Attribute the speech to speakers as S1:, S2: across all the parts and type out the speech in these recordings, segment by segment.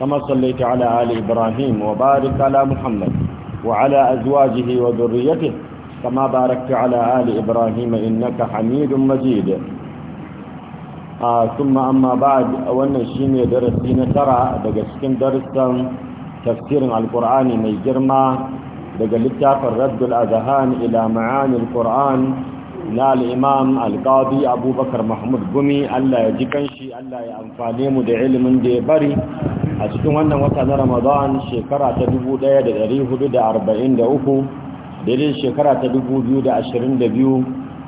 S1: كما صليت على آل إبراهيم وبارك على محمد وعلى أزواجه وذريته كما باركت على آل إبراهيم إنك حميد مجيد آه ثم أما بعد أولا شيني درسين ترى دقسكين درسا تفسير القرآن من جرمى دقلتا الرد الأذهان إلى معاني القرآن na al'imam alƙadi abubakar mahmud gumi allah ya ji kanshi allah ya amfane mu da ilimin da ya bari a cikin wannan wata na ramadan shekara ta 1443 daidai shekara ta 2022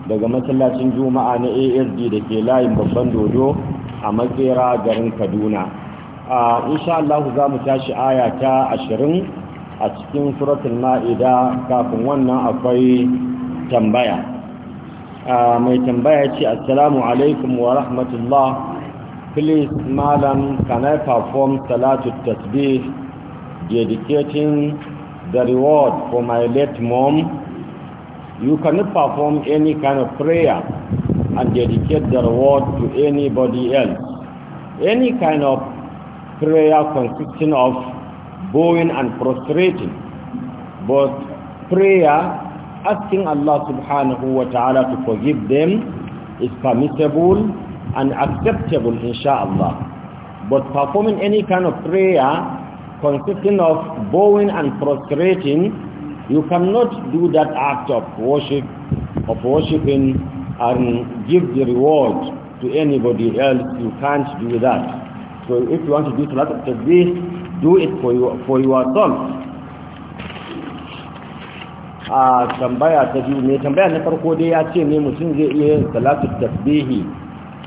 S1: daga matsalacin juma'a na asd da ke layin babban dodo a maƙera garin kaduna a insha allahu za mu tashi aya ta 20 a cikin suratul ma'ida kafin wannan akwai tambaya Ah, mai tambaya ce assalamu alaikum wa rahmatullah please madam can i perform salatul tasbih dedicating the reward for my late mom you cannot perform any kind of prayer and dedicate the reward to anybody else any kind of prayer consisting of bowing and prostrating but prayer asking Allah subhanahu wa ta'ala to forgive them is permissible and acceptable inshallah. But performing any kind of prayer consisting of bowing and prostrating, you cannot do that act of worship, of worshiping and give the reward to anybody else. You can't do that. So if you want to do Salat al do it for, you, for yourself a tambaya ta biyu ne tambaya na farko dai ya ce ne mutum zai iya yin salatu tasbihi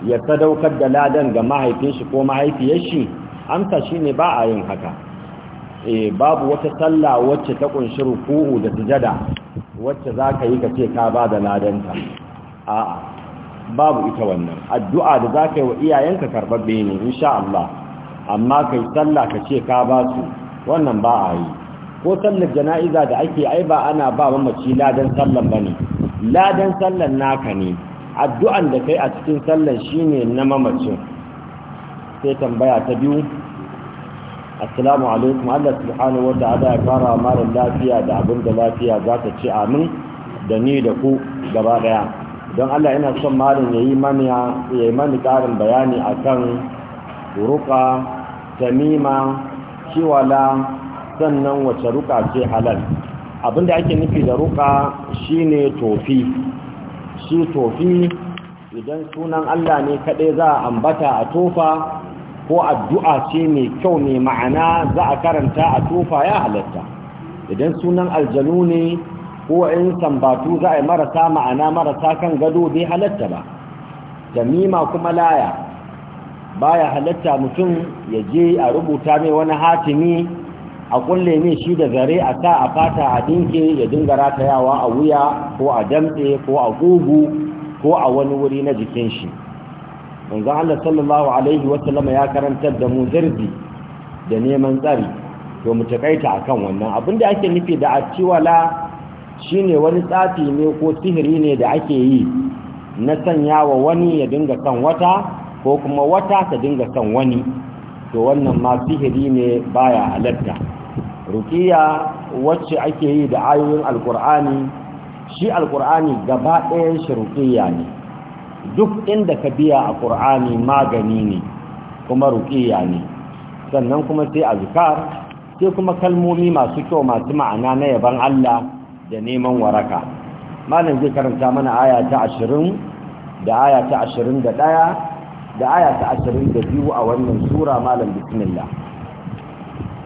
S1: ya sadaukar da ladan ga mahaifin shi ko mahaifiyar shi amsa shine ba a yin haka eh babu wata sallah wacce ta kunshi ruku'u da sujada wacce za ka yi kace ka ba da ladanta a'a babu ita wannan addu'a da za ka yi wa iyayenka karbabbe ne insha Allah amma kai sallah kace ka ba su wannan ba a yi ko sallar jana'iza da ake ai ba ana ba mamaci ladan sallan bane ladan sallan naka ne addu'an da kai a cikin sallan shine na mamacin sai tambaya ta biyu assalamu alaikum Allah subhanahu wata'ala ya fara marar lafiya da abin da lafiya za ta ci amin da ni da ku gaba daya don Allah yana son marin yayi mani yayi mani karin bayani akan ruqa tamima kiwala. sannan wace ruka ce halal abinda ake nufi da ruka shine tofi shi tofi idan sunan Allah ne kaɗai za a ambata a tofa ko addu'a ce ne kyau mai ma'ana za a karanta a tofa ya halatta idan sunan aljanu ne ko in sambatu za a yi marasa ma'ana marasa kan gado bai halatta ba tamima kuma laya baya halatta mutum ya je a rubuta mai wani hatimi a kulle min shi da zare a sa a fata a dinke ya dinga ratayawa a wuya ko a damse ko a gugu ko a wani wuri na jikin shi manzo Allah sallallahu alaihi wa sallama ya karantar da mu zarbi da neman tsari to mu takaita akan wannan Abin da ake nufi da shi shine wani tsafi ne ko sihiri ne da ake yi na sanya wa wani ya dinga kan wata ko kuma wata ta dinga kan wani to wannan ma sihiri ne baya halatta rukiya wacce ake yi da ayoyin alkur'ani shi alkur'ani gaba ɗayan shi rukiya ne duk inda ka biya a ƙur'ani magani ne kuma rukiya ne sannan kuma sai azkar sai kuma kalmomi masu kyau masu ma'ana na yaban Allah da neman waraka malam zai karanta mana aya ta 20 da aya ta 21 da aya ta 22 a wannan sura malam bismillah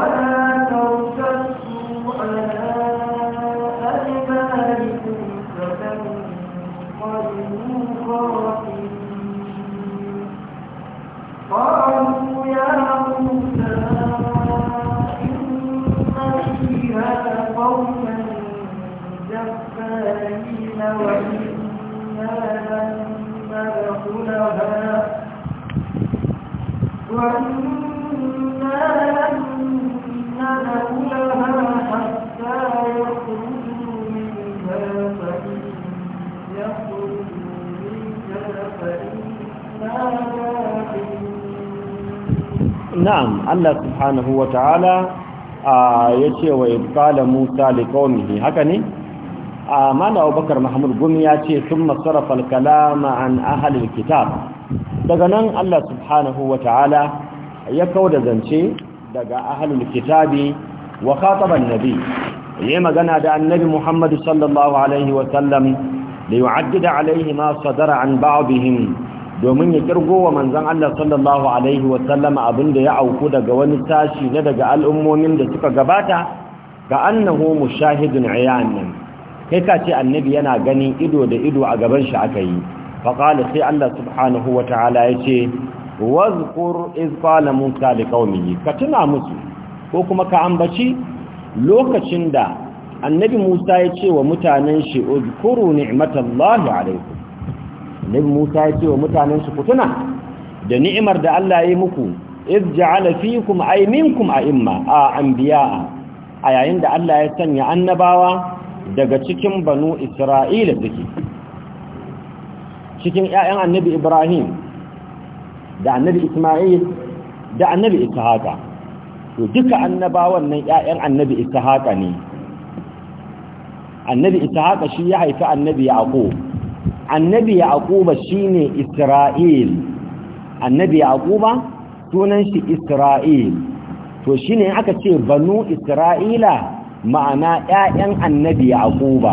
S2: ولا
S1: Allah subhanahu wa ta'ala ya ce wa ibkala musa da kawai haka ne a mana abubakar mahmud gumi ya ce sun masarafa kalama an ahalin kitab daga nan Allah subhanahu wa ta'ala ya kau da zance daga ahalin kitabi wa khataban nabi ya magana da annabi muhammadu sallallahu alaihi wasallam da yi wa'addida alaihi ma sadara an ba'abihim domin ya kirgo wa manzon Allah sallallahu alaihi wa abinda ya auku daga wani tashi na daga al'ummomin da suka gabata ga annahu shahidun ayan kai ka ce annabi yana gani ido da ido a gaban shi aka yi faqala sai Allah subhanahu wa ta'ala yace wazkur isfala musa musa liqaumihi ka tuna musu ko kuma ka ambaci lokacin da annabi Musa ya ce wa mutanen shi uzkuru ni'matallahi alaikum annabi Musa ya ce wa mutanen su kutuna da ni'imar da Allah ya yi muku iz ja'ala fikum ay minkum a'imma a anbiya'a a yayin da Allah ya sanya annabawa daga cikin banu Isra'ila suke cikin ƴaƴan annabi Ibrahim da annabi Isma'il da annabi Ishaqa to duka annabawan nan ƴaƴan annabi Ishaqa ne annabi Ishaqa shi ya haifi annabi Yaqub annabi yaquba shine isra'il annabi yaquba sunan shi isra'il to shine aka ce banu isra'ila ma'ana ƴaƴan annabi yaquba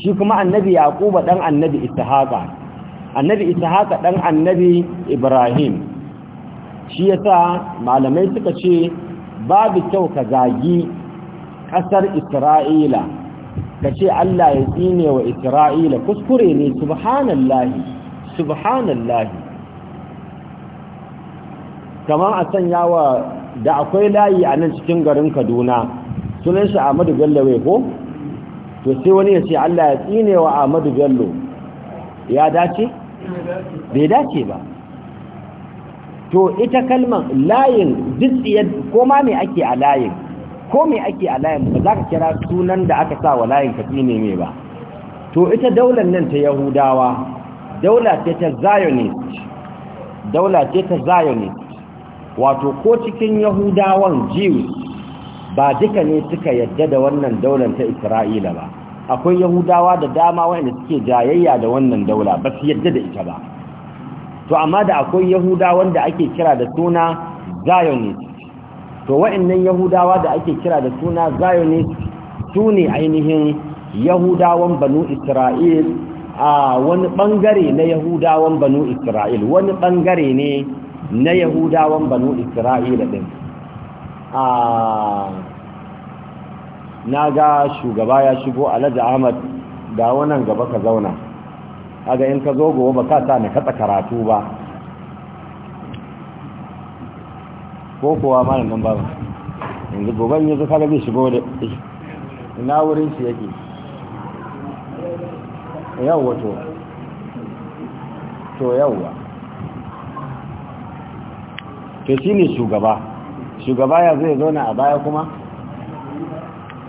S1: shi kuma annabi yaquba dan annabi ishaqa annabi ishaqa dan annabi ibrahim shi yasa malamai suka ce babu kyau ka zagi ƙasar isra'ila ka ce Allah ya tsine wa Isra'ila kuskure ne subhanallahi subhanallahi kamar a sanya wa da akwai layi a nan cikin garin Kaduna sunan shi Ahmadu Bello wai ko to sai wani ya ce Allah ya tsine wa Ahmadu Bello ya dace bai dace ba to ita kalman layin duk ko ma me ake a layin ko me ake a layin ba za ka kira sunan da aka sa wa layin ka tsine mai ba to ita daular nan ta yahudawa daula ce ta zionist daula ce ta zionist wato ko cikin yahudawan jews ba duka ne suka yadda da wannan daular ta isra'ila ba akwai yahudawa da dama wanda suke jayayya da wannan daula ba su yadda da ita ba to amma da akwai yahudawan da ake kira da suna zionist to wa'annan yahudawa da ake kira da suna zionist su ne ainihin yahudawan banu isra'il a wani bangare na yahudawan banu isra'il wani bangare ne na yahudawan banu Isra'il din a na ga shugaba ya shigo alhaji ahmad ga wannan gaba ka zauna ga in ka zo gobe ba ka sa na katsa karatu ba ko kowa malam nan babu yanzu goban yanzu kaga zai shigo da ina wurin shi yake yawwa to to yawwa to shi ne shugaba shugaba ya zai zauna a baya kuma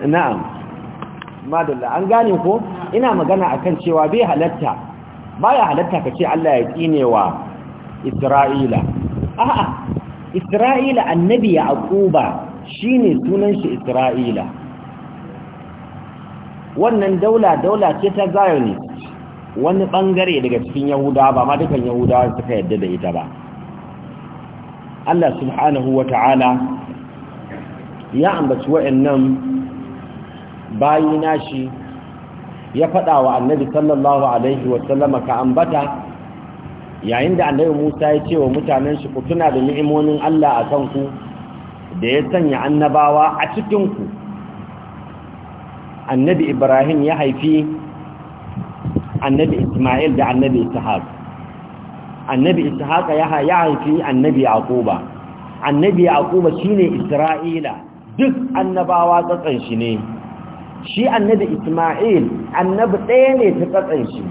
S1: na'am madalla an gane ko ina magana akan cewa bai halatta baya halatta ka ce Allah ya tsinewa Isra'ila a'a isra'ila annabi yaquba shine sunan shi isra'ila wannan daula daula ce ta zionist wani bangare daga cikin yahudawa ba ma dukan yahudawa suka yadda da ita ba Allah subhanahu wa ya ambaci wa'annan bayi shi, ya faɗawa wa annabi sallallahu alaihi wa sallama ka ambata yayin da annabi Musa ya ce wa mutanen shi ku tuna da ni'imomin Allah a kanku da ya sanya annabawa a cikin ku annabi Ibrahim ya haifi annabi Ismail da annabi Ishaq annabi Ishaq ya haifi annabi Yaquba annabi Yaquba shine Isra'ila duk annabawa tsatsan shi ne shi annabi Ismail annabi ɗaya ne ta tsatsan shi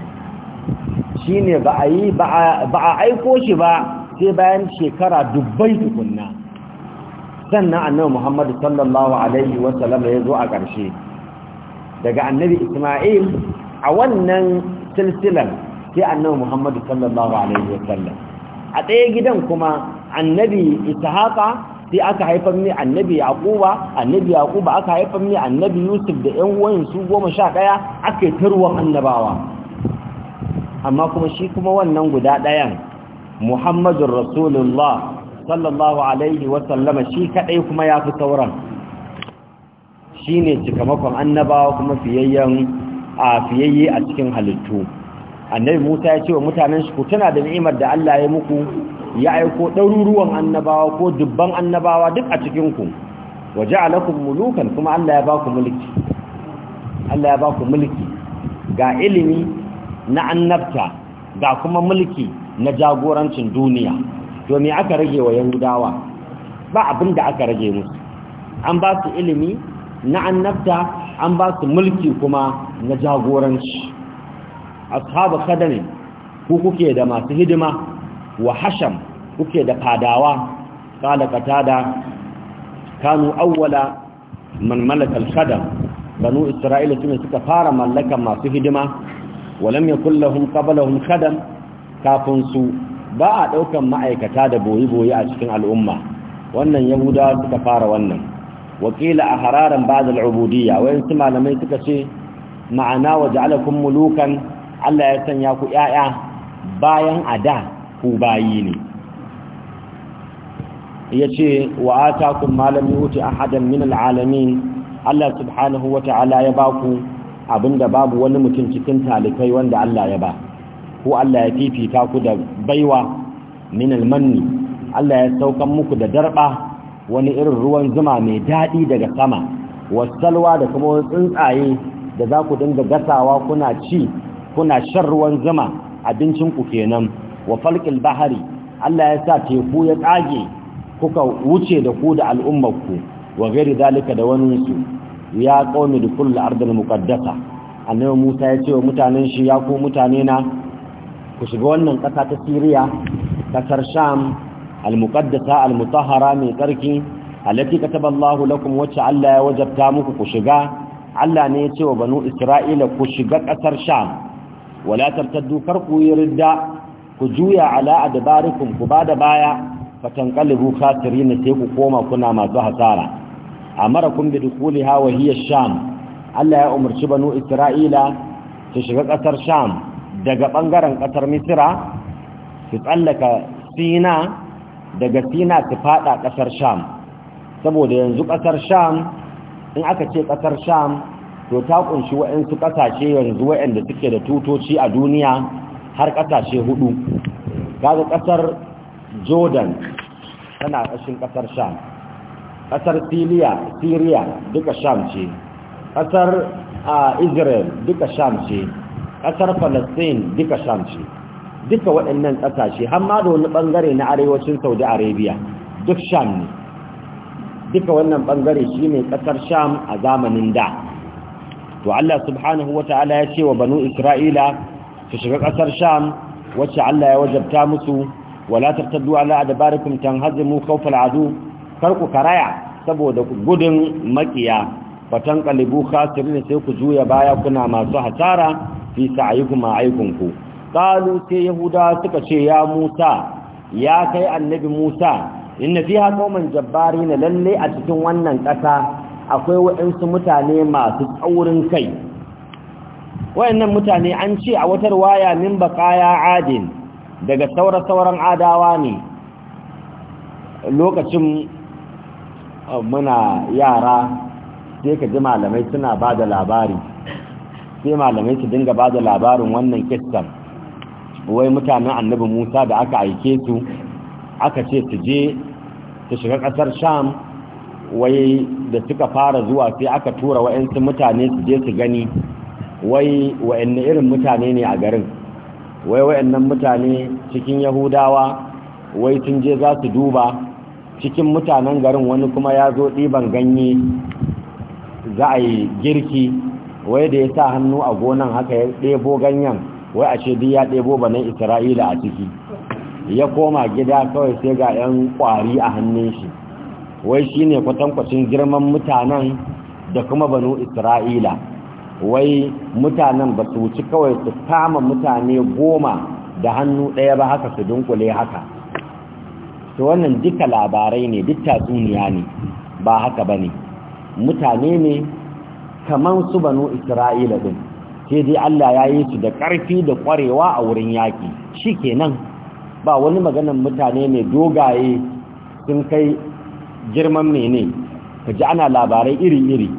S1: Shi ba a yi ba a aiko shi ba sai bayan shekara dubbai tukunna sannan annabi Muhammad sallallahu alaihi wasallam ya zo a ƙarshe daga annabi Isma'il a wannan silsilan sai annabi Muhammad sallallahu alaihi wasallam a ɗaya gidan kuma annabi Ishaqa sai aka haifar ni annabi yaquba annabi yaquba aka haifar ni annabi yusuf da ƴan uwansu 11 aka yi tarwa annabawa amma kuma shi kuma wannan guda ɗayan muhammadun rasulullah sallallahu alaihi wasallama shi kaɗai kuma ya fi sauran shi ne cikamakon annabawa kuma fiyayyen a fiyayye a cikin halittu annabi musa ya ce wa mutanen shi ku tana da ni'imar da allah ya muku ya aiko ɗaruruwan annabawa ko dubban annabawa duk a cikinku waje alakun mulukan kuma allah ya ba ku mulki allah ya ba ku mulki ga ilimi na annabta ga kuma mulki na jagorancin duniya Domin aka rage wa yahudawa ba abin da aka rage musu an ba su ilimi na annabta an ba su mulki kuma na jagoranci ashabu kadani ku kuke da masu hidima wa hasham kuke da fadawa kala katada kanu awwala man malaka al banu isra'ila ne suka fara mallakan masu hidima walam yakul lahum qablahum khadam kafin su ba a ɗaukan ma'aikata da boyi-boyi a cikin al'umma wannan yahuda suka fara wannan wakila a hararan ba'd al-ubudiyya wayan su malamai suka ce ma'ana waja'alakum mulukan Allah ya sanya ku ƴaƴa bayan ada ku bayi ne yace wa atakum ma lam ahadan min al Allah subhanahu wa ya baku Abin da babu wani mutum cikin talikai wanda Allah ya ba ko Allah ya fifita ku da baiwa min almanni Allah ya saukan muku da darba wani irin ruwan zuma mai daɗi daga sama wasalwa da kuma tsuntsaye da za ku dinga gasawa kuna ci kuna shan ruwan zuma abincin ku kenan wa falqil bahari Allah ya sa teku ya tsage kuka wuce da ku da al'ummarku wa gari dalika da wani su ya qaumi da al-ardh al annabi Musa ya ce wa mutanen shi ya ku mutane na ku shiga wannan ƙasa ta siriya Ƙasar Sham al-muqaddasa al-mutahhara mai tsarki allati kataba Allah lakum wacce Allah ya wajabta muku ku shiga Allah ne ya ce wa banu Isra'ila ku shiga ƙasar Sham wala tartaddu farku ridda, ku juya ala adbarikum ku bada baya fatanqalibu khatirin sai ku koma kuna masu hasara kun bi dukuliha hawa hiya sham Allah ya umarci banu Isra'ila su shiga kasar sham daga bangaren kasar Misra su tsallaka Sina daga Sina su fada kasar sham saboda yanzu kasar sham in aka ce kasar sham to ta kunshi waɗansu ƙasashe yanzu waɗanda suke da tutoci a duniya har ƙasashe hudu kaga ƙasar Jordan tana ƙashin ƙasar sham ƙasar siriya duka sham ce ƙasar israel duka sham ce ƙasar palestine duka sham ce duka waɗannan ƙasashe har ma da wani ɓangare na arewacin saudi arabia duk sham ne duka wannan ɓangare shi ne ƙasar sham a zamanin da to allah subhanahu wa ta'ala ya ce wa banu isra'ila su shiga ƙasar sham wacce allah ya wajabta musu wala tattaddu ala adabarikum tanhazimu khawfal adu kar ku karaya saboda gudun makiya fatan kalibu khasirin sai ku juya baya kuna masu hasara fi sa'ayikum aikunku qalu sai yahuda suka ce ya Musa ya kai annabi Musa inna fiha qauman jabbarin lalle a cikin wannan kasa akwai waɗansu mutane masu tsaurin kai wayannan mutane an ce a watar waya min baqaya adin daga saura sauran adawa ne lokacin muna yara sai ka ji malamai suna ba da labari sai malamai su dinga ba da labarin wannan kistan wai mutanen annabi musa da aka aike su aka ce su je su shiga ƙasar sham wai da suka fara zuwa sai aka tura wa'yansu mutane su je su gani wai wa'yanne irin mutane ne a garin wai wa'yannan mutane cikin yahudawa wai sun je za su duba cikin mutanen garin wani kuma ya zo ɗiban ganye za a yi girki wai da ya sa hannu a gonan haka ya ɗebo ganyen wai a ce duk ya ɗebo ba banan isra'ila a ciki ya koma gida kawai sai ga 'yan ƙwari a hannun shi wai shi ne kwatankwacin girman mutanen da kuma banu isra'ila wai mutanen ba su wuci kawai su kama mutane goma da hannu ɗaya ba haka su dunkule haka to wannan duka labarai ne duk tatsuniya ne ba haka bane mutane ne kaman su banu isra'ila din sai dai Allah ya yi su da ƙarfi da ƙwarewa a wurin yaƙi shikenan ba wani maganan mutane ne dogaye sun kai girman mene ka ji ana labarai iri-iri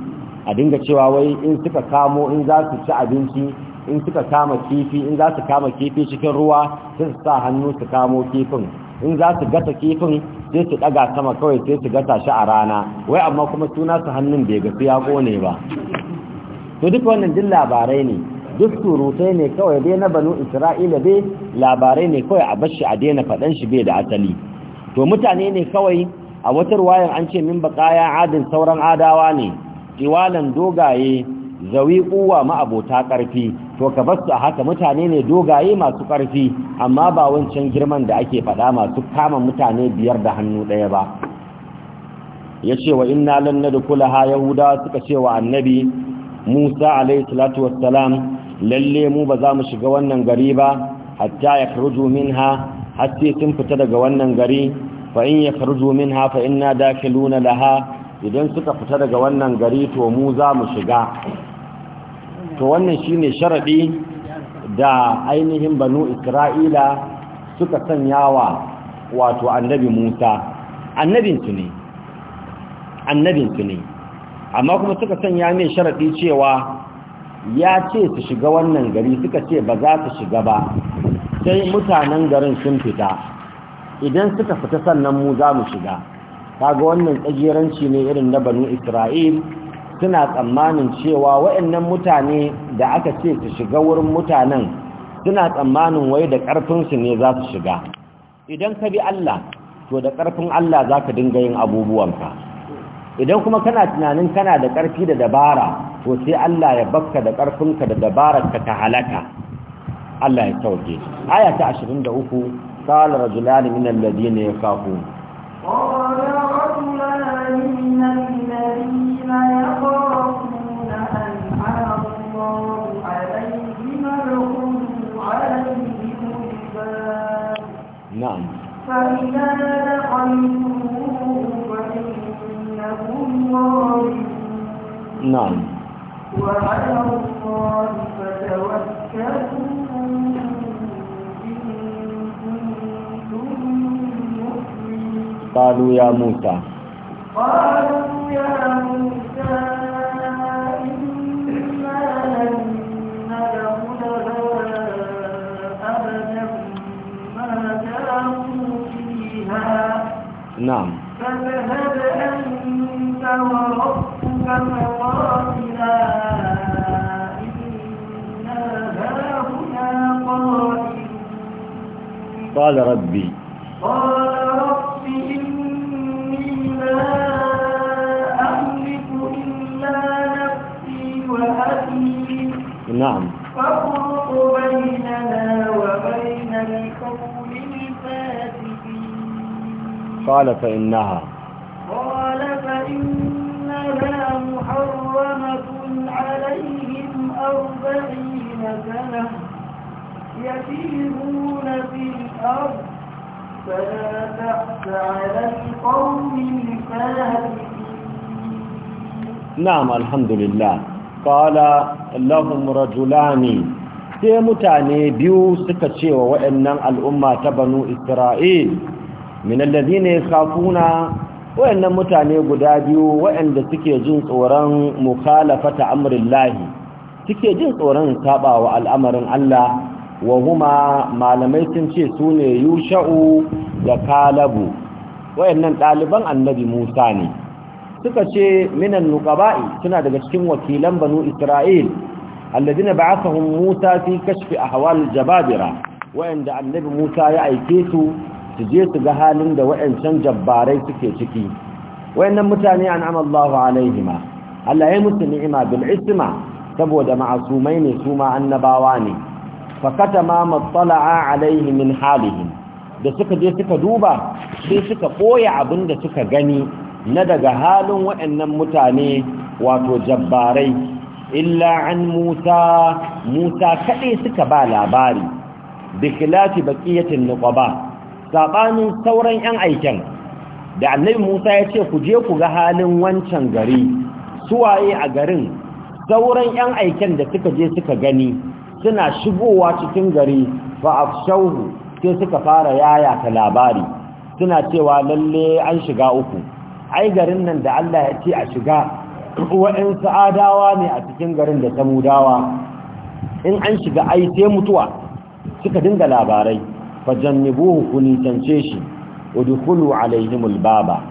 S1: a dinga cewa wai in suka kamo in za su ci abinci in suka kama kifi in za su kama kifi cikin ruwa sai sa hannu su kamo kifin in za su gata kifin sai su daga sama kawai sai su gata shi a rana wai amma kuma suna su hannun bai gasu ya kone ba to duk wannan din labarai ne duk surutai ne kawai dai na banu isra'ila dai labarai ne kawai a bashi a daina faɗan shi bai da asali to mutane ne kawai a watar wayar an ce min baƙaya adin sauran adawa ne iwalan dogaye zawi kuwa ma'abota ƙarfi to ka basu a haka mutane ne dogaye masu ƙarfi amma ba wancan girman da ake faɗa masu kama mutane biyar da hannu ɗaya ba ya ce wa inna lan kula ha yahuda suka ce wa annabi Musa alaihi salatu wassalam lalle mu ba za mu shiga wannan gari ba hatta ya min ha, hatta sun fita daga wannan gari fa in min ha, fa inna da laha idan suka fita daga wannan gari to mu za mu shiga to wannan shine sharadi da ainihin banu isra'ila suka sanyawa wato annabi musa annabinsu ne annabinsu ne amma kuma suka sanya mai sharaɗi cewa ya ce su shiga wannan gari suka ce ba za su shiga ba sai mutanen garin sun fita idan suka fita sannan mu za mu shiga ga wannan tsagiranci ne irin na banu isra'il suna tsammanin cewa waɗannan mutane da aka ce su shiga wurin mutanen suna tsammanin wai da ƙarfinsu ne za su shiga idan ka bi Allah to da ƙarfin Allah za ka dinga yin abubuwanka idan kuma kana tunanin kana da ƙarfi da dabara to sai Allah ya bakka da ƙarfinka da dabararka ta halaka Allah ya sauke aya ta 23 qala rajulani min alladhina yakhafun
S2: qala rajulani min نعم فإذا لقيتموه فإنهم غالبون نعم وعلى الله فتوكلوا قالوا يا موسى قالوا يا موسى إنا لن أبدا ما فيها نعم فاذهب أنت وربك فقاتلا إنا هاهنا قائلون
S1: قال ربي
S2: قال رب إني لا نعم فاخلق بيننا وبين القوم الفاسدين
S1: قال فإنها
S2: قال فإنها محرمة عليهم أربعين سنة يسيرون في الأرض فلا تأس على القوم الفاسدين
S1: نعم الحمد لله qala lahum rajulani sai mutane biyu suka ce wa waɗannan al'umma ta banu isra'il minallazi ne kafuna waɗannan mutane guda biyu waɗanda suke jin tsoron mukhalafata amrillahi suke jin tsoron sabawa al'amarin Allah wa malamai sun ce sune yusha'u da kalabu waɗannan ɗaliban annabi Musa ne suka ce minan nukaba'i suna daga cikin wakilan banu isra'il alladina ba'athahum musa fi kashfi ahwal jababira wa'anda annabi musa ya aike su su je su ga halin da wa'ancan jabbarai suke ciki wa'annan mutane an'ama Allahu alaihima Allah ya musu ni'ima bil isma saboda ma'asumai ne su ma annabawa ne fakatama ma matsala'a alaihi min halihim da suka je suka duba sai suka koya abin da suka gani na daga halin waɗannan mutane wato jabbarai illa an musa musa kaɗai suka ba labari bi khilafi baqiyatin nuqaba sabanin sauran yan aikin da annabi musa ya ce ku je ku ga halin wancan gari suwaye a garin sauran yan aikin da suka je suka gani suna shigowa cikin gari fa afshauhu sai suka fara yaya ta labari suna cewa lalle an shiga uku ai garin nan da Allah ya ce a shiga wa'ansu adawa ne a cikin garin da ta mudawa in an shiga ai sai mutuwa suka dinga labarai fajannibuhu kunitance shi udukulu alaihimul baba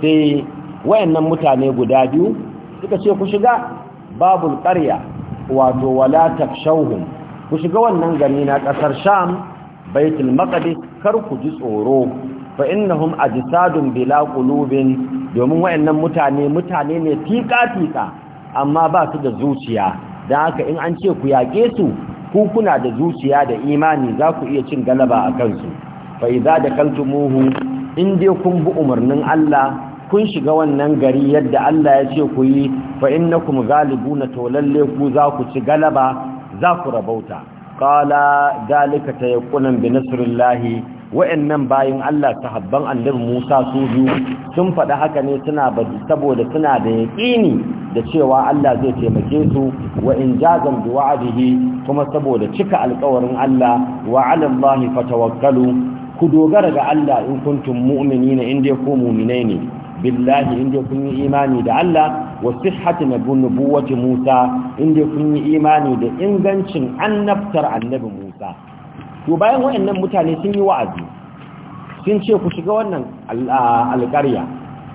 S1: sai wayannan mutane guda biyu suka ce ku shiga babul qarya wato wala takshawhum ku shiga wannan gari na kasar sham baitul maqdis kar ku ji tsoro fa innahum ajsadun bila qulubin domin wayannan mutane mutane ne tika-tika amma ba su da zuciya don haka in an ce ku yaƙe su ku kuna da zuciya da imani za ku iya cin galaba a kansu fa'iza da kaltumuhu in dai kun bi umarnin Allah kun shiga wannan gari yadda Allah ya ce ku yi fa innakum ghalibuna na tolalle ku za ku ci galaba za ku rabauta qala dalika ta bi nasrillahi wa'annan bayin Allah sahabban annabi Musa su biyu sun faɗi haka ne suna saboda suna da yaƙini da cewa Allah zai taimake su wa'in jazan jazam bi kuma saboda cika alƙawarin Allah wa 'ala fatawakkalu ku dogara ga Allah in kuntum mu'minina in dai ku mu'minai ne billahi in dai kun yi imani da Allah wa sihhati nabuwwati Musa in dai kun yi imani da ingancin annabtar annabi Musa to bayan wayannan mutane sun yi wa'azi sun ce ku shiga wannan alƙarya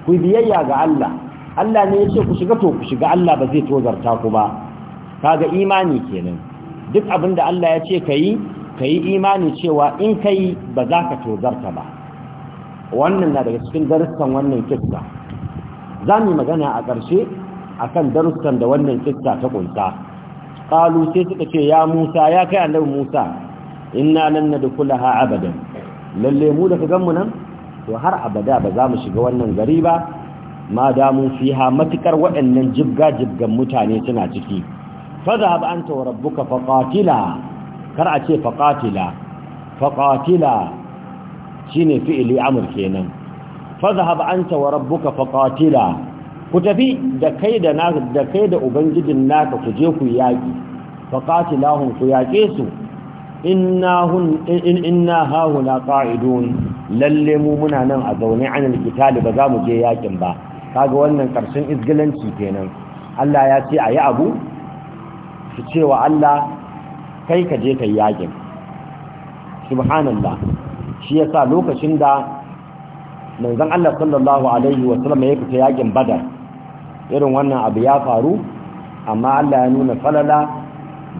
S1: ku biyayya ga Allah Allah ne ya ce ku shiga to ku shiga Allah ba zai tozarta ku ba kaga imani kenan duk abin da Allah ya ce kayi kayi imani cewa in kai ba za ka tozarta ba wannan na daga cikin darussan wannan kitta za magana a ƙarshe akan darussan da wannan kitta ta kunta qalu sai suka ce ya Musa ya kai annabi Musa inna lan nadkhulaha abadan lalle mu da ganmu mu nan to har abada ba za mu shiga wannan gari ba ma damu fiha matukar waɗannan jibga jibgan mutane suna ciki fadhhab anta wa rabbuka faqatila kar a ce faqatila faqatila shine fi'li amr kenan fadhhab anta wa rabbuka faqatila ku tafi da kai da da kai da ubangijin naka ku je ku yaki faqatilahum ku yake su inna hahuna ƙa'idun lalle mu muna nan a zaune anil kitali ba za mu je yakin ba kaga wannan ƙarshen izgilanci kenan Allah ya ce a yi abu su ce wa Allah kai ka je ka yi yakin subhanallah shi ya sa lokacin da manzan Allah sallallahu alaihi wasallam ya fita yakin badar irin wannan abu ya faru amma Allah ya nuna falala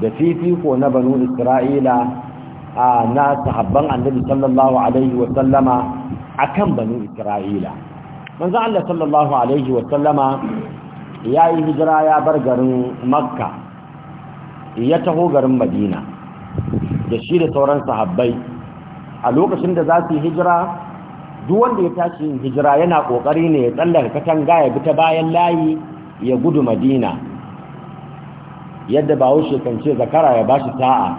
S1: da fifiko na banu isra'ila a na sahabban annabi sallallahu alaihi wa sallama akan banu isra'ila manzo Allah sallallahu alaihi wa yayi hijira ya bar garin makka ya taho garin madina da shi da sauran sahabbai a lokacin da za su hijira duk wanda ya tashi yin hijira yana kokari ne ya tsallaka katanga ya bi ta bayan layi ya gudu madina yadda ba haushe kan ce zakara ya bashi ta'a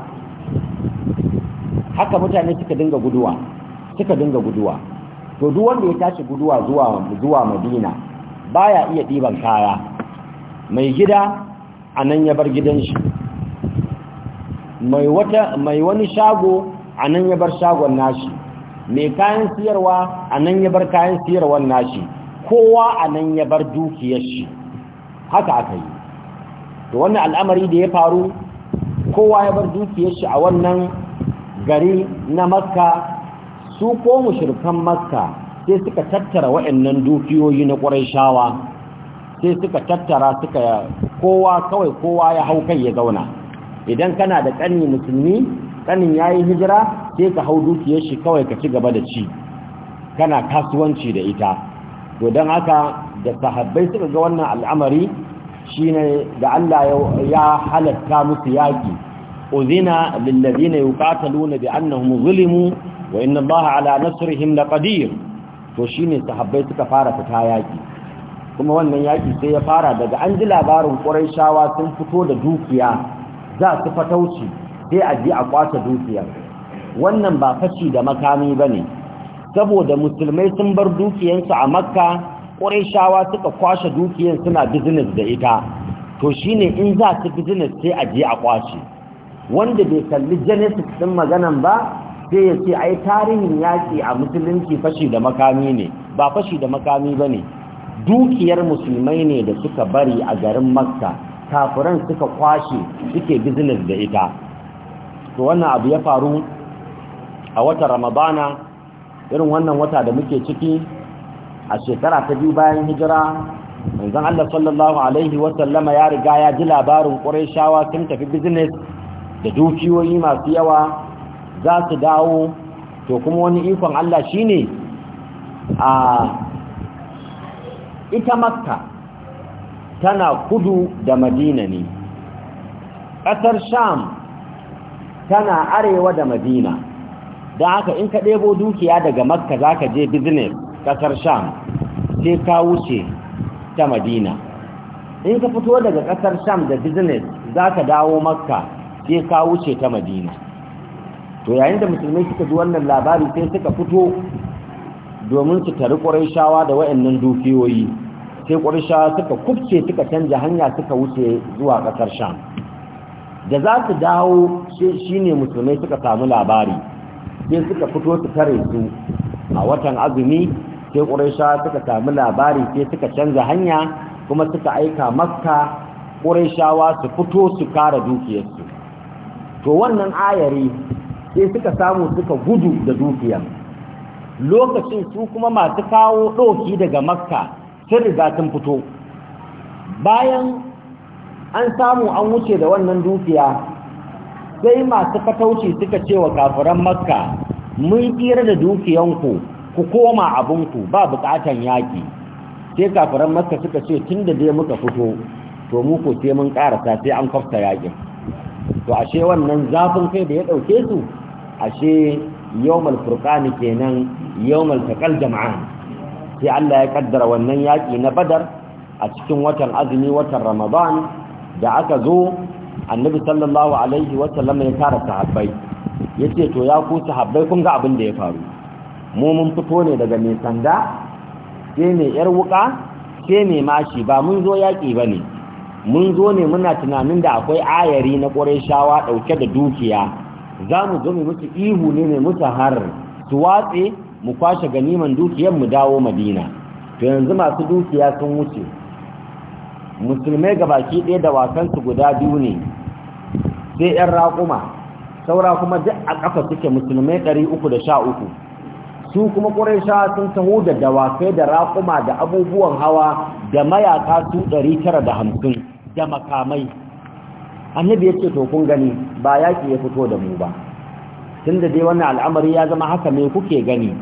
S1: haka mutane suka dinga guduwa suka dinga guduwa to duk wanda ya tashi guduwa zuwa zuwa Madina baya iya diban kaya mai gida anan ya bar gidan shi mai wata mai wani shago anan ya bar shagon nashi mai kayan siyarwa anan ya bar kayan siyarwar nashi kowa anan ya bar dukiyar shi haka aka yi to wannan al'amari da ya faru kowa ya bar dukiyar shi a wannan gari na makka su ko mushrikan makka sai suka tattara waɗannan dukiyoyi na ƙurayshawa sai suka tattara suka kowa kawai kowa ya hau kai ya zauna idan kana da ƙani musulmi ƙanin yayi hijira sai ka hau dukiyar shi kawai ka ci gaba da ci kana kasuwanci da ita to don haka da sahabbai suka ga wannan al'amari shine da Allah ya halatta musu yaki uzina lil ladina yuqataluna bi annahum zulimu wa inna Allah ala na ƙadir, to shine sahabbai suka fara fita yaƙi. kuma wannan yaki sai ya fara daga an ji labarin ƙuraishawa sun fito da dukiya za su fatauci sai a ji a kwace dukiyar wannan ba fashi da makami bane saboda musulmai sun bar dukiyansu a Makka shawa suka kwashe dukiyar suna business da ita to shine in za su business sai a je a kwashe wanda bai kalli genesis ɗin maganan ba sai ya ce ai tarihin yaƙi a musulunci fashi da makami ne ba fashi da makami ba ne dukiyar musulmai ne da suka bari a garin makka kafiran suka kwashe suke business da ita to wannan abu ya faru a wata ramadana irin wannan wata da muke ciki a shekara ta biyu bayan hijira zan Allah sallallahu alaihi wa sallama ya riga ya ji labarin shawa, sun tafi business da dukiyoyi masu yawa za su dawo to kuma wani ikon Allah ne? a ita Makka tana kudu da Madina ne ƙasar Sham tana arewa da Madina don haka in ka ɗebo dukiya daga Makka zaka je bizines. ƙasar sham sai ka wuce ta madina in ka fito daga ƙasar sham da business za ka dawo makka sai ka wuce ta madina to yayin da musulmai suka ji wannan labari sai suka fito domin su tari ƙwarishawa da wa'annan dukiyoyi sai ƙwarishawa suka kufce suka canja hanya suka wuce zuwa ƙasar sham da za su dawo shi ne musulmai suka samu labari sai suka fito su tare su a watan azumi sai ƙuraisha suka samu labari sai suka canza hanya kuma suka aika makka ƙuraishawa su fito su kara dukiyarsu to wannan ayari sai suka samu suka gudu da dukiyar lokacin su kuma masu kawo ɗauki daga makka sun riga sun fito bayan an samu an wuce da wannan dukiya sai masu fatauci suka ce wa kafiran makka mun tsira da dukiyanku ku koma abinku ba bukatan yaƙi, sai kafiran makka suka ce tunda dai muka fito to mu ko sai mun karasa sai an kwafta yakin to ashe wannan zafin kai da ya ɗauke su ashe yawmal furqani kenan yawmal taqal jama'a, sai Allah ya kaddara wannan yaƙi na badar a cikin watan azumi watan ramadan da aka zo annabi sallallahu alaihi sallam ya tara sahabbai yace to ya ku sahabbai kun ga abin da ya faru mu mun fito ne daga mai sanda sai mai yar wuka sai mai mashi ba mun zo yaƙi ba ne mun zo ne muna tunanin da akwai ayari na shawa ɗauke da dukiya za mu zo mai musu ihu ne mai musu har su watse mu kwashe ganiman dukiyar mu dawo madina to yanzu masu dukiya sun wuce musulmai ga baki ɗaya da wasansu guda biyu ne sai 'yan raƙuma saura kuma duk a ƙafa suke musulmai ɗari uku da sha uku su kuma ƙuraisha sun taho da dawakai da raƙuma da abubuwan hawa da mayaka su 950 da makamai annabi ya ce to kun gani ba yaƙi ya fito da mu ba tun da dai wannan al'amari ya zama haka me kuke gani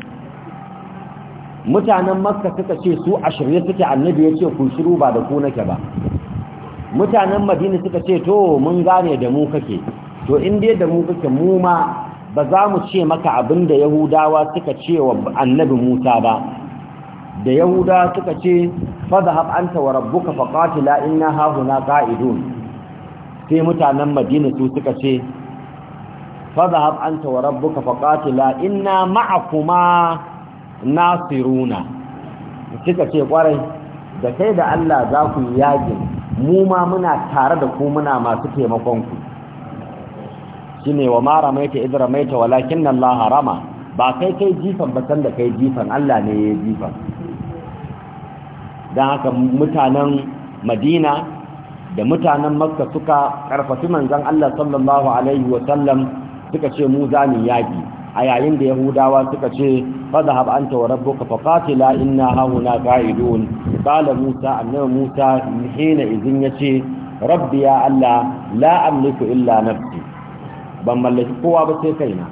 S1: mutanen makka suka ce su a suke annabi ya ce ku shiru ba da ku nake ba mutanen madina suka ce to mun gane da mu kake to in dai da mu kake mu ma ba za mu ce maka abin da yahudawa suka ce wa annabi musa ba da Yahuda suka ce fadhhab anta wa rabbuka na hahu na ƙa'idun. sai mutanen madina su suka ce fadhhab anta wa rabbuka faqatila inna ma'akuma nasiruna suka ce ƙwarai, da kai da Allah za ku yi yajin, mu ma muna tare da ku muna masu taimakonku shine wa ma ramaita idh ramaita walakin Allah rama ba kai kai jifan ba san da kai jifan Allah ne ya jifan dan haka mutanen Madina da mutanen Makka suka karfafi manzon Allah sallallahu alaihi wa sallam suka ce mu zamu yaki a yayin da Yahudawa suka ce fadhhab anta wa rabbuka faqatila inna hauna qa'idun qala Musa annabi Musa hina izin yace rabbi ya Allah la amliku illa nafsi ban mallaki kowa ba sai kaina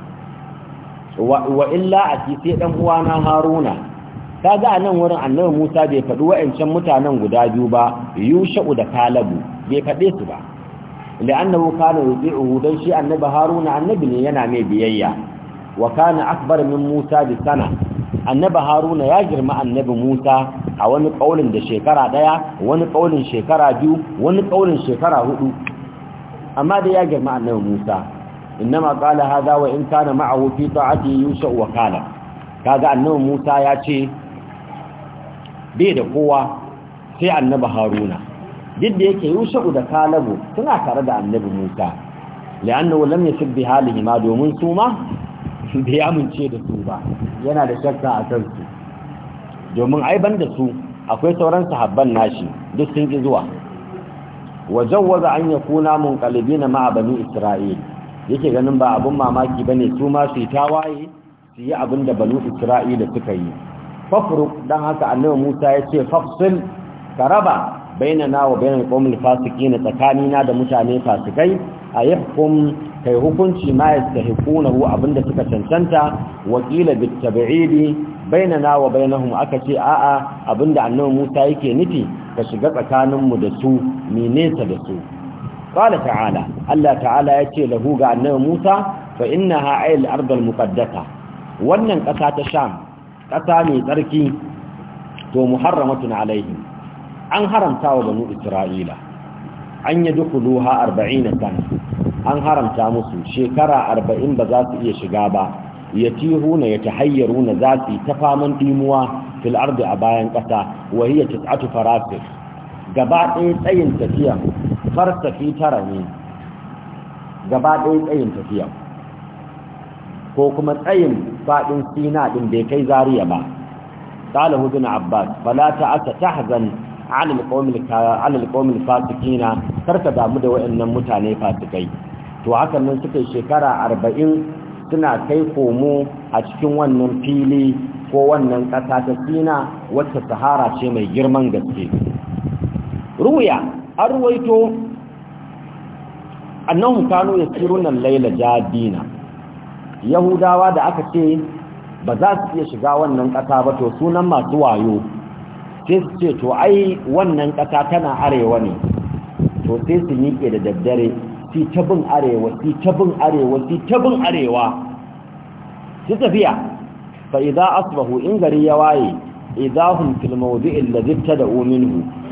S1: wa illa a ci sai dan uwana haruna kaga a nan wurin annabi musa bai faɗi wa'ancan mutanen guda biyu ba yusha'u da kalabu bai faɗe su ba la'annahu kana yudi'uhu dan shi annabi haruna annabi ne yana mai biyayya wa kana akbar min musa bi sana annabi haruna ya girma annabi musa a wani kaulin da shekara daya wani kaulin shekara biyu wani kaulin shekara hudu amma da ya girma annabi musa إنما قال هذا وإن كان معه في طاعته يوسع وكالا كذا أنه موسى ياتي بيد قوة في النبي هارون جد يكي يوسع وكاله تنا ترد النبي موسى لأنه لم يسب بهاله ما دومن سوما بيامن شيء دسوبا yana da shakka a kansu domin aiban da su akwai sauran sahabban nashi duk sun ki zuwa wajen waza an yakuna munqalibina yake ganin ba abin mamaki ba ne su ma su yi tawaye su yi abin da banu isra'ila suka yi fafuruk don haka annabi musa ya ce fafsil ka raba bainana wa bainal fasiki na tsakanina da mutane fasikai A ayyukum kai hukunci ma abin abinda suka cancanta wakila bitab'idi bainana wa bainahum aka ce a'a abinda annabi Musa yake nufi ka shiga tsakaninmu da su mene da su qala ta'ala Allah ta'ala yace lahu ga annabi Musa fa innaha ayl ardal muqaddasa wannan kasa ta Sham kasa mai tsarki to muharramatun alaihim an haramta wa banu Isra'ila an yadkhuluha 40 sana an haramta musu shekara 40 ba za su iya shiga ba yatihuna yatahayyaruna za su ta faman dimuwa fil a bayan kasa wa hiya tis'atu farasik gaba ɗaya tsayin tafiya tafi tara ne gaba ɗaya tsayin tafiya ko kuma tsayin faɗin sina ɗin bai kai zariya ba قال ابن abbas ta aka تحزن عن القوم على fasikina kar karka damu da waɗannan mutane fasikai to hakan nan suka shekara arba'in suna kai komo a cikin wannan fili ko wannan ƙasa ta Sina wata Sahara ce mai girman gaske ruya an ruwaito annahum kanu yasiruna Layla laila jadina yahudawa da aka ce ba za su iya shiga wannan kasa ba to sunan masu wayo sai su ce to ai wannan kasa tana arewa ne to sai su nike da daddare si ta bin arewa si ta arewa si ta arewa su tafiya fa idza asbahu in gari ya waye idahum fil mawdi'i da tad'u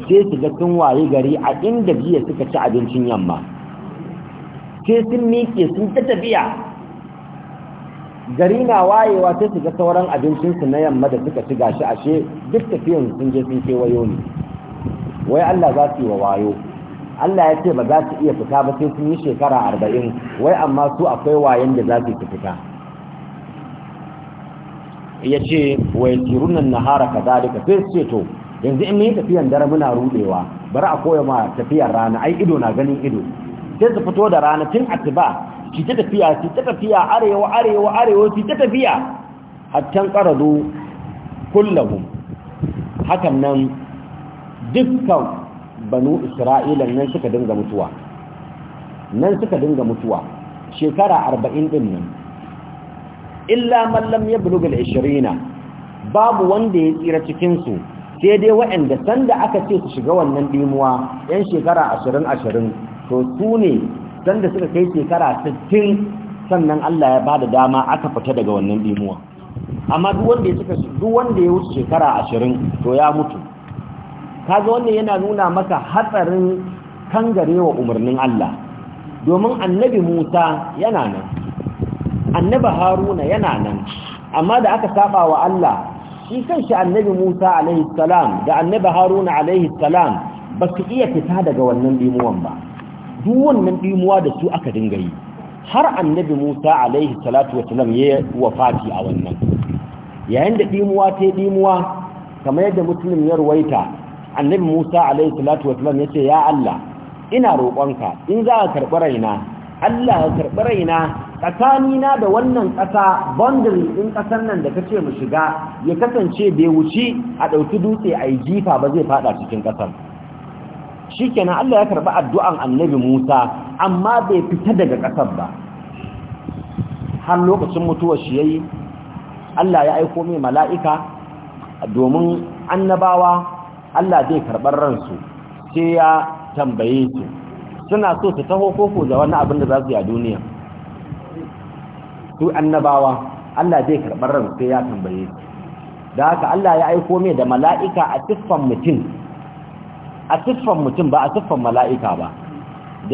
S1: sai su ga sun waye gari a inda jiya suka ci abincin yamma sai sun miƙe sun ta tafiya gari na wayewa sai su ga sauran abincinsu na yamma da suka ci gashi ashe duk tafiyan sun je sun kewayo ne wai Allah za su yi wa wayo Allah ya ce ba za su iya fita ba sai sun yi shekara arba'in wai amma su akwai wayan da za su fita ya ce wa yasirun nahara kadalika fes ce to yanzu in yi tafiyan dare muna rudewa bari a koya ma tafiyar rana ai ido na ganin ido sai su fito da rana tun tuba ci ta tafiya ci ta tafiya arewa arewa arewa ci ta tafiya hattan qaradu kullahu hakan nan dukkan banu isra'ila nan suka dinga mutuwa nan suka dinga mutuwa shekara arba'in din nan illa man lam yablugh al-20 babu wanda ya tsira cikin su sai dai waɗanda sanda aka ce su shiga wannan dimuwa yan shekara 20 20 to su ne sanda suka kai shekara 60 sannan Allah ya bada dama aka fita daga wannan dimuwa amma duk wanda ya cika duk wanda ya wuce shekara 20 to ya mutu kaga wannan yana nuna maka hatsarin kangarewa umarnin Allah domin annabi Musa yana nan annaba haruna yana nan amma da aka saba wa Allah shi kanshi annabi Musa alaihi salam da annabi Haruna alaihi salam ba su iya fita daga wannan dimuwan ba duk wannan dimuwa da su aka dinga yi har annabi Musa alaihi salatu wasalam ya wafati a wannan yayin da dimuwa ta dimuwa kamar yadda muslim ya ruwaita annabi Musa alaihi salatu wasalam yace ya Allah ina roƙonka in za ka karɓi raina Allah ya karɓi raina na da wannan ƙasa boundary ɗin ƙasar nan da kace mu shiga ya kasance bai wuce a ɗauki dutse a yi jifa ba zai faɗa cikin ƙasar shi kenan Allah ya karɓi addu'an annabi Musa amma bai fita daga ƙasar ba har lokacin mutuwar shi yayi Allah ya aiko mai mala'ika domin annabawa Allah zai karɓar ransu sai ya tambaye su suna so su taho koko da wani abin da za su yi a duniya su annabawa Allah zai karɓar ran sai ya tambaye su da haka Allah ya aiko mai da mala'ika a siffan mutum a siffan mutum ba a siffan mala'ika ba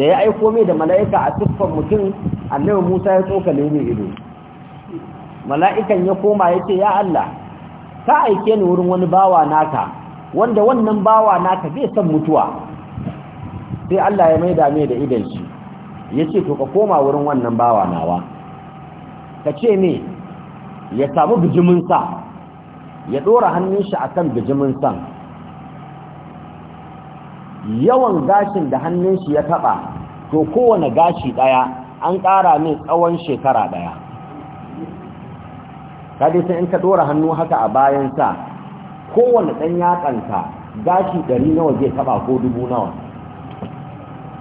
S1: da ya aiko mai da mala'ika a siffan mutum annabi Musa ya tsokale ne ido mala'ikan ya koma ya ce ya Allah ka aike ni wurin wani bawa naka wanda wannan bawa naka zai san mutuwa sai Allah ya maida mai da idan shi ya ce to ka koma wurin wannan bawa nawa ka ce ne ya samu bijiminsa ya ɗora hannun shi a kan bijiminsa yawan gashin da hannun shi ya taɓa, to kowane gashi ɗaya an ƙara mai tsawon shekara ɗaya kadai sai in ka ɗora hannu haka a bayan sa kowane ɗan yatsanta gashi ɗari nawa zai taɓa ko dubu nawa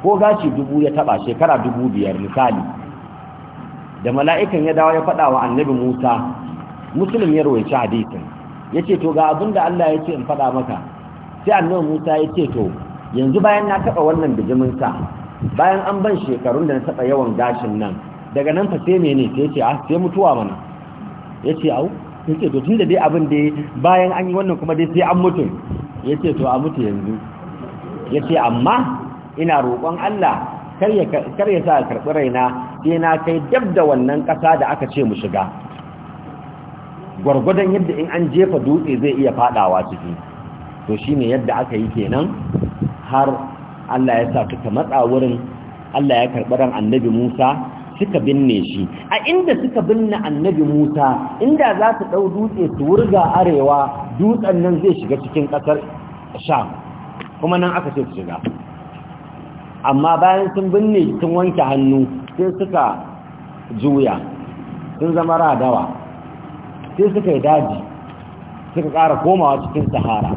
S1: ko gashi dubu ya taba shekara dubu biyar misali da mala'ikan ya dawo ya faɗa wa annabi musa musulun ya rawaici hadisin ya ce to ga abin da allah ya ce in faɗa maka sai annabi musa ya ce to yanzu bayan na taɓa wannan bijimin sa bayan an ban shekarun da na taɓa yawan gashin nan daga nan fa sai mene sai ce a ah, sai mutuwa mana ya ce au ya ce to tunda dai abin da bayan an yi wannan kuma dai sai an mutu ya ce to a mutu yanzu ya ce amma ina roƙon Allah kar ya sa a karɓi raina sai na kai dab da wannan ƙasa da aka ce mu shiga gwargwadon yadda in an jefa dutse zai iya faɗawa ciki to shi ne yadda aka yi kenan har Allah ya sa suka matsa wurin Allah ya karɓi ran annabi Musa suka binne shi a inda suka binne annabi Musa inda za su ɗau dutse su wurga arewa dutsen nan zai shiga cikin ƙasar sha. kuma nan aka ce su shiga amma bayan sun binne sun wanke hannu sai suka juya sun zama radawa sai suka yi daji suka ƙara komawa cikin sahara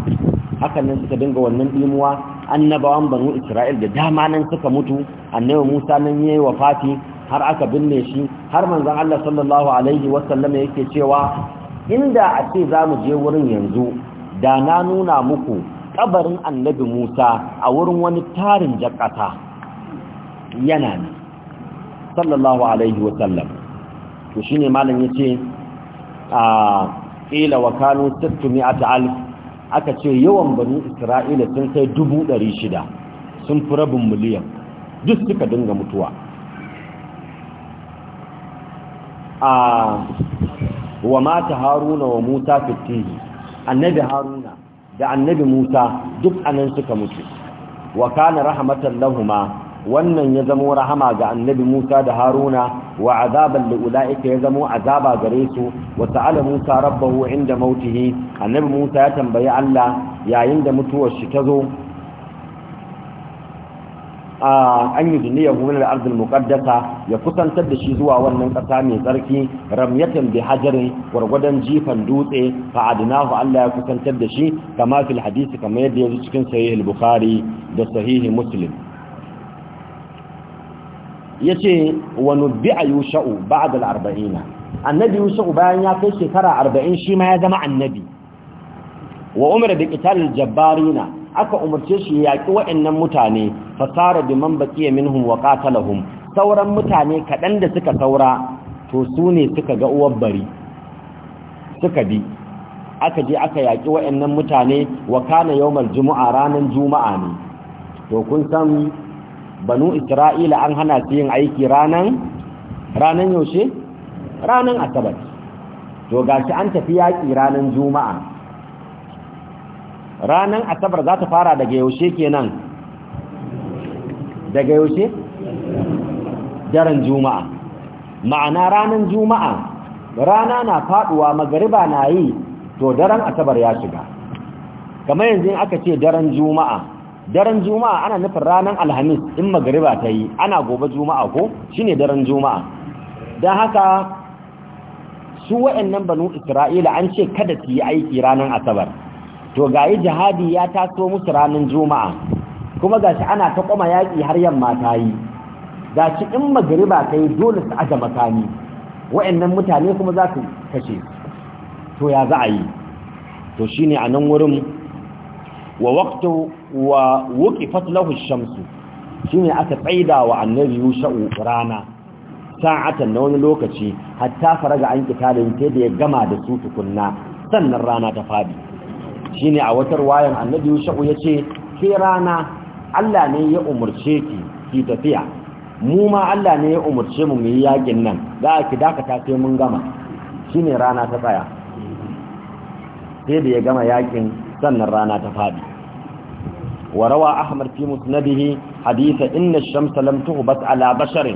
S1: hakan nan suka dinga wannan ɗimuwa annabawan banu isra'il da dama nan suka mutu annabi musa nan ya yi wafati har aka binne shi har manzon allah sallallahu alaihi wasallam yake cewa inda a ce za mu je wurin yanzu da na nuna muku kabarin annabi Musa a wurin wani tarin jakata yana ne sallallahu alaihi wa sallam to shine malam yace a ila wa kanu 600000 aka ce yawan bani Isra'ila sun kai 600 sun fi rabin miliyan duk suka dinga mutuwa a wa mata haruna wa musa fitihi annabi haruna da annabi Musa duk anan suka mutu wa kana rahmatan lahumu wannan ya zamo rahama ga annabi Musa da Haruna wa azaban li ulaika ya zamo azaba gare su wa ta'ala Musa rabbahu inda mautihi annabi Musa ya tambayi Allah yayin da mutuwar shi ta zo an yi duniya gumin al'adun muƙaddasa ya kusantar da shi zuwa wannan ƙasa mai tsarki ramyatan bi hajarin gwargwadon jifan dutse fa adinahu Allah ya kusantar da shi kama fil hadisi kamar yadda ya zo cikin sahih bukhari da sahih muslim yace wa bi'a yusha'u ba'da al-arba'ina annabi yusha'u bayan ya kai shekara 40 shi ma ya zama annabi wa umara bi qital al-jabbarina aka umarce shi ya yaki waɗannan mutane fasara biman baqiya minhum wa qatalahum sauran mutane kaɗan da suka saura to su ne suka ga uwar bari suka bi aka je aka yaƙi waɗannan mutane wa kana yawmal juma'a ranar juma'a ne to kun san banu isra'ila an hana su yin aiki ranan ranan yaushe ranan asabar to gashi an tafi yaƙi ranan juma'a Ranan asabar za ta fara daga yaushe kenan daga yaushe daren juma'a ma'ana ranan juma'a rana na faduwa magariba na yi to daren asabar ya shiga kamar yanzu aka ce daren juma'a daren juma'a ana nufin ranan alhamis in magariba ta yi ana gobe juma'a ko shine daren juma'a don haka su wa'annan banu isra'ila an ce kada su yi aiki ranan asabar to gayi jihadi ya taso musu ranar juma'a kuma ga shi ana ta kwama yaƙi har yamma ta yi ga shi in magariba ta yi dole su aje makami wa'annan mutane kuma za su kashe to ya za a yi to shi ne a nan wurin wa waktu wa wuki fatlahu shamsu shi ne aka tsaida wa annabi yusha'u rana sa'atan na wani lokaci hatta faraga an kitalin sai da ya gama da su tukunna sannan rana ta fadi ne a watar wayan annabi yusuf ya ce ke rana Allah ne ya umarce ki ki tafiya mu ma Allah ne ya umarce mu mai yi yakin nan za ki dakata sai mun gama shine rana ta tsaya sai da ya gama yakin sannan rana ta fadi وروى أحمد في مسنده حديث إن الشمس لم تغبت على بشر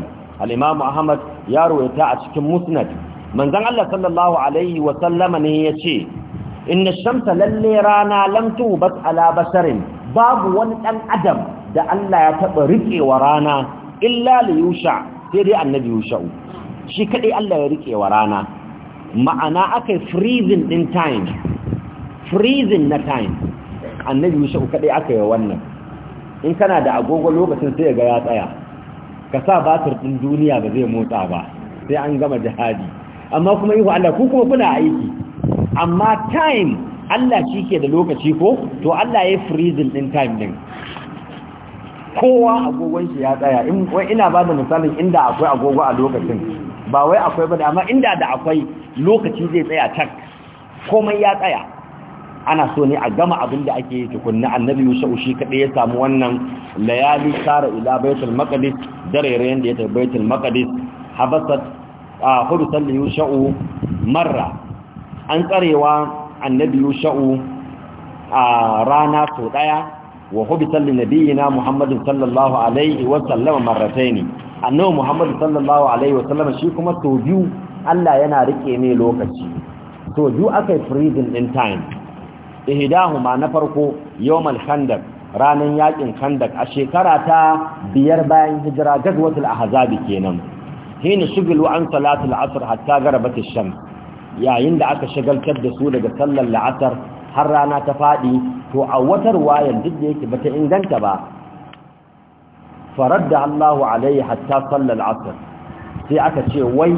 S1: الإمام أحمد يروي تاعش كم مسند من ذن الله صلى الله عليه وسلم نيشي inna shamta lalle rana lam tubat ala basarin babu wani dan adam da Allah ya taba wa rana illa li yusha sai dai annabi yusha shi kadai Allah ya wa rana ma'ana akai freezing din time freezing na time annabi yusha kadai akai wannan in kana da agogo lokacin sai ga ya tsaya ka sa batir din duniya ba zai motsa ba sai an gama jihadi amma kuma wa Allah ku kuma kuna aiki amma time Allah shi ke da lokaci ko to Allah ya freezing din time din kowa agogon shi ya tsaya in ina ba da misalin inda akwai agogo a lokacin ba wai akwai ba da amma inda da akwai lokaci zai tsaya tak komai ya tsaya ana so ne a gama abin da ake yi tukunna annabi yusha'u shi kaɗai ya samu wannan layali sara ila baitul maqdis darerayen yanda ya tabbaitul maqdis habasat hudu li yusha'u marra an tsarewa annabi yusha'u a rana sau daya wa hubitan li nabiyina muhammadin sallallahu alaihi wa sallama marrataini annabi muhammad sallallahu alaihi wa sallama shi kuma sau biyu Allah yana rike ne lokaci sau biyu akai freezing in time ihdahuma na farko yawmal khandaq ranan yakin khandaq a shekara ta biyar bayan hijira gazwatul ahzab kenan hina shugilu an salatul asr hatta garabat ash-shams yayin da aka shagaltar da su daga sallar la'asar har rana ta faɗi to a watar wayan duk da yake bata inganta ba faradda Allahu alaihi hatta sallar asr sai aka ce wai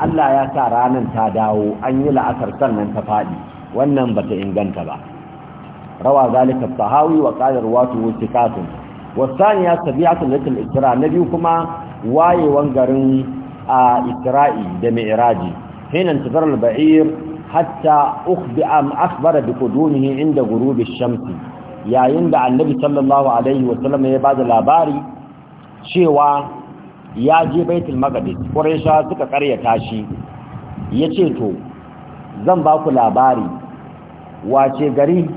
S1: Allah ya sa ranan ta dawo an yi la'asar sannan ta faɗi wannan bata inganta ba rawa zalika tahawi wa qadir watu sikatun wasaniya sabi'atu latil isra nabi kuma wayewan garin a isra'i da mi'raji حين انتظر البعير حتى أخبأ أخبر بقدومه عند غروب الشمس يا يندع النبي صلى الله عليه وسلم يبعد الأباري شيوا ya je baitul maqdis quraisha suka karyata shi yace to zan ba ku labari wace gari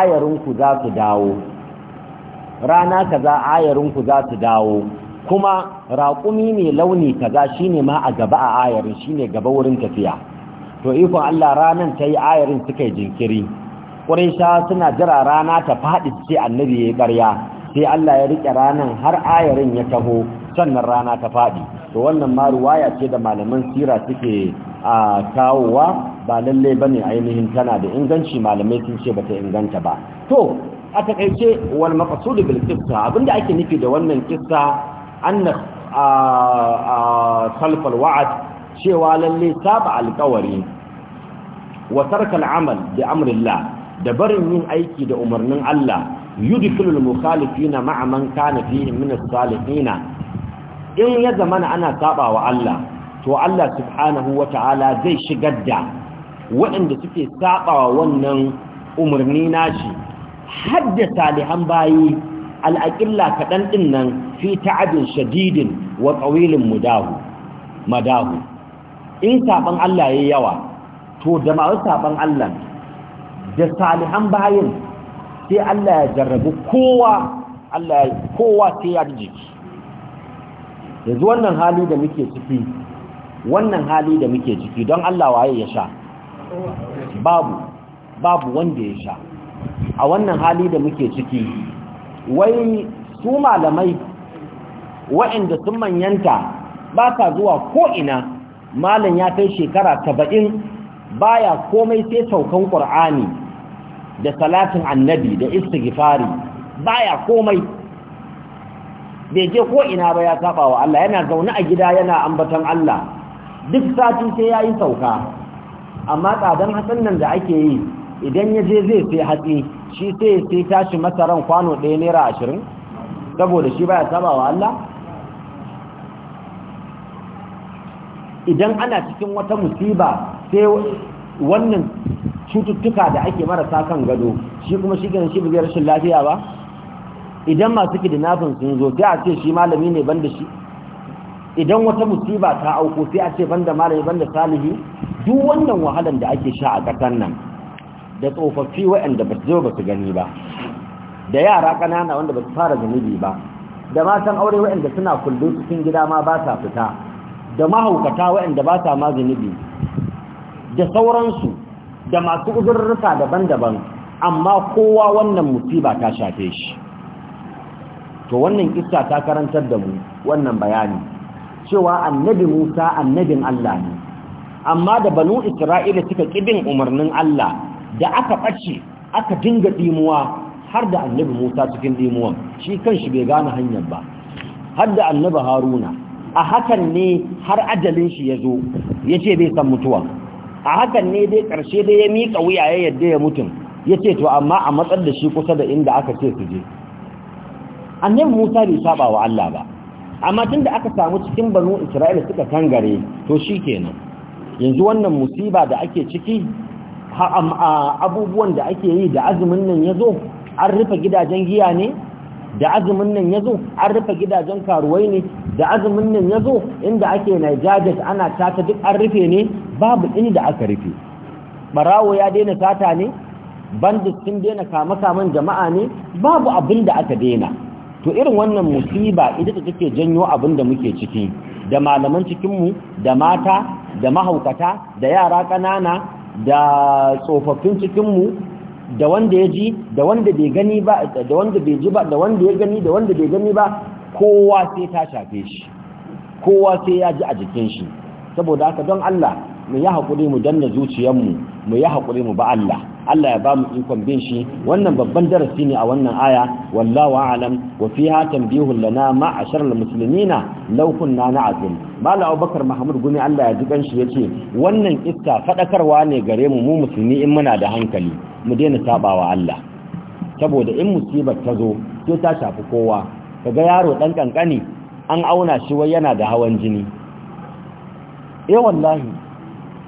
S1: ayarinku za su dawo rana kaza ayarinku za su dawo kuma raƙumi mai launi kaza shine ma a gaba a ayarin shine gaba wurin tafiya to ikon Allah ranan ta yi ayarin suka yi jinkiri ƙuraisha suna jira rana ta faɗi ce annabi ya yi ƙarya sai Allah ya riƙe ranan har ayarin ya taho sannan rana ta faɗi to wannan maruwa ya ce da malaman sira suke a kawowa ba lalle bane ainihin tana da inganci malamai sun ce bata inganta ba to a takaice wal maqsud bilkista abinda ake nufi da wannan kista anna salfar wa'ad cewa lalle saba alkawari wa tarkal amal da amrillah da barin yin aiki da umarnin Allah yudkhilul mukhalifina ma'a man kana fihi min as in ya zamana ana saba wa Allah to Allah subhanahu ta'ala zai shigar da waɗanda suke saba wa wannan umarni nashi hadda salihan bayi al'aƙilla kaɗan ɗin nan fi ta'abin shadidin wa ƙawilin mudahu madahu in saɓan Allah ya yawa to da masu saɓan Allah da salihan bayan sai Allah ya jarrabu kowa sai ya jiki yanzu wannan hali da muke ciki wannan hali da muke ciki don Allah waye ya sha babu babu wanda ya sha a wannan hali da muke ciki wai su malamai wa'inda sun manyanta ba ka zuwa ko'ina malam ya kai shekara saba'in baya komai sai saukan ƙur'ani da salatin annabi da istighfari baya komai bai je ko'ina ba ya saba wa Allah yana zaune a gida yana ambatan Allah duk sati sai ya yi sauka amma tsadan hatsin nan da ake yi idan ya je zai sai hatsi shi sai sai tashi masaran kwano ɗaya naira ashirin saboda shi baya saba wa Allah idan ana cikin wata musiba sai wannan cututtuka da ake marasa kan gado shi kuma shi ganin shi bugiyar rashin lafiya ba idan masu kidnapping sun zo sai a ce shi malami ne banda shi idan wata musiba ta auku sai a ce banda malami banda salihi duk wannan wahalan da ake sha a ƙasar nan da tsofaffi waɗanda ba su zo ba su gani ba da yara ƙanana wanda ba su fara zunubi ba da matan aure waɗanda suna kullu cikin gida ma ba sa fita da mahaukata waɗanda ba sa ma zunubi da sauransu da masu uzurruka daban-daban amma kowa wannan musiba ta shafe shi to wannan kissa ta karantar da mu wannan bayani cewa annabi Musa annabin Allah ne amma da banu Isra'ila suka kibin umarnin Allah da aka ɓace aka dinga ɗimuwa har da annabi musa cikin ɗimuwan shi kanshi bai gane hanyar ba har da annabi haruna a hakan ne har ajalin shi ya zo ya ce bai san mutuwa a hakan ne dai ƙarshe dai ya miƙa wuya ya yadda ya mutum ya ce to amma a matsar da shi kusa da inda aka ce su je annabi musa bai saba wa allah ba amma tun da aka samu cikin banu isra'ila suka kangare to shi kenan yanzu wannan musiba da ake ciki abubuwan da ake yi da azumin nan ya zo an rufe gidajen giya ne da azumin nan ya zo an rufe gidajen karuwai ne da azumin nan ya zo inda ake najajet ana tata duk an rufe ne babu inda aka rufe barawo ya daina sata ne bandit sun daina kama-kaman jama'a ne babu abin da aka daina to irin wannan musiba ita ta take janyo abin da muke ciki da malaman cikinmu da mata da mahaukata da yara ƙanana da tsofaffin cikinmu da wanda ya ji da wanda bai gani ba da wanda bai ji ba da wanda ya gani da wanda bai gani ba kowa sai ta shafe shi kowa sai ya ji a jikin shi saboda haka don Allah mu yi haƙuri mu danna zuciyarmu mu yi haƙuri mu ba Allah Allah ya ba mu ikon bin shi wannan babban darasi ne a wannan aya wallahu a'lam wa fiha tanbihun lana ma asharal muslimina law kunna na'zim mala abubakar mahmud gumi Allah ya ji ganshi yace wannan iska fadakarwa ne gare mu mu musulmi in muna da hankali mu daina sabawa Allah saboda in musibar ta zo sai ta shafi kowa kaga yaro dan kankani an auna shi wai yana da hawan jini eh wallahi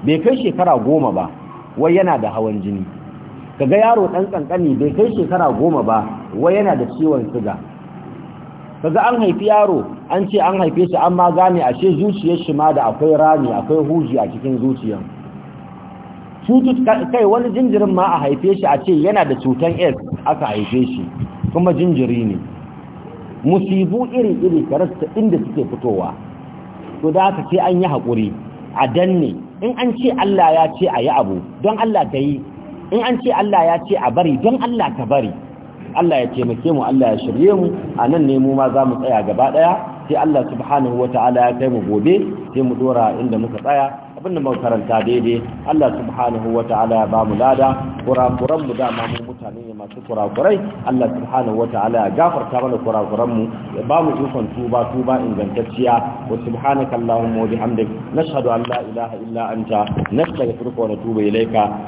S1: bai kai shekara goma ba wai yana da hawan jini kaga yaro ɗan ƙanƙani bai kai shekara goma ba wai yana da ciwon siga kaga an haifi yaro an ce an haife shi an ma gane ashe zuciyar shi ma da akwai rami akwai huji a cikin zuciyar cutut kai wani jinjirin ma a haife shi a ce yana da cutan s aka haife shi kuma jinjiri ne musibu iri-iri karasta inda suke fitowa to da aka ce an yi haƙuri a danne in an ce Allah ya ce a yi abu don Allah ta yi in an ce Allah ya ce a bari don Allah ka bari Allah ya taimake mu Allah ya shirye mu a nan ne mu ma za mu tsaya gaba ɗaya sai Allah subhanahu wa ta'ala ya kai mu gobe sai mu dora inda muka tsaya abin da karanta daidai Allah subhanahu wa ta'ala ya ba mu lada kurakuran mu dama mu mutane ne masu kurakurai Allah subhanahu wa ta'ala ya gafarta mana kurakuran mu ya ba mu ikon tuba tuba ingantacciya wa subhanaka allahumma wa bihamdik nashhadu an la ilaha illa anta nastaghfiruka wa natubu ilayka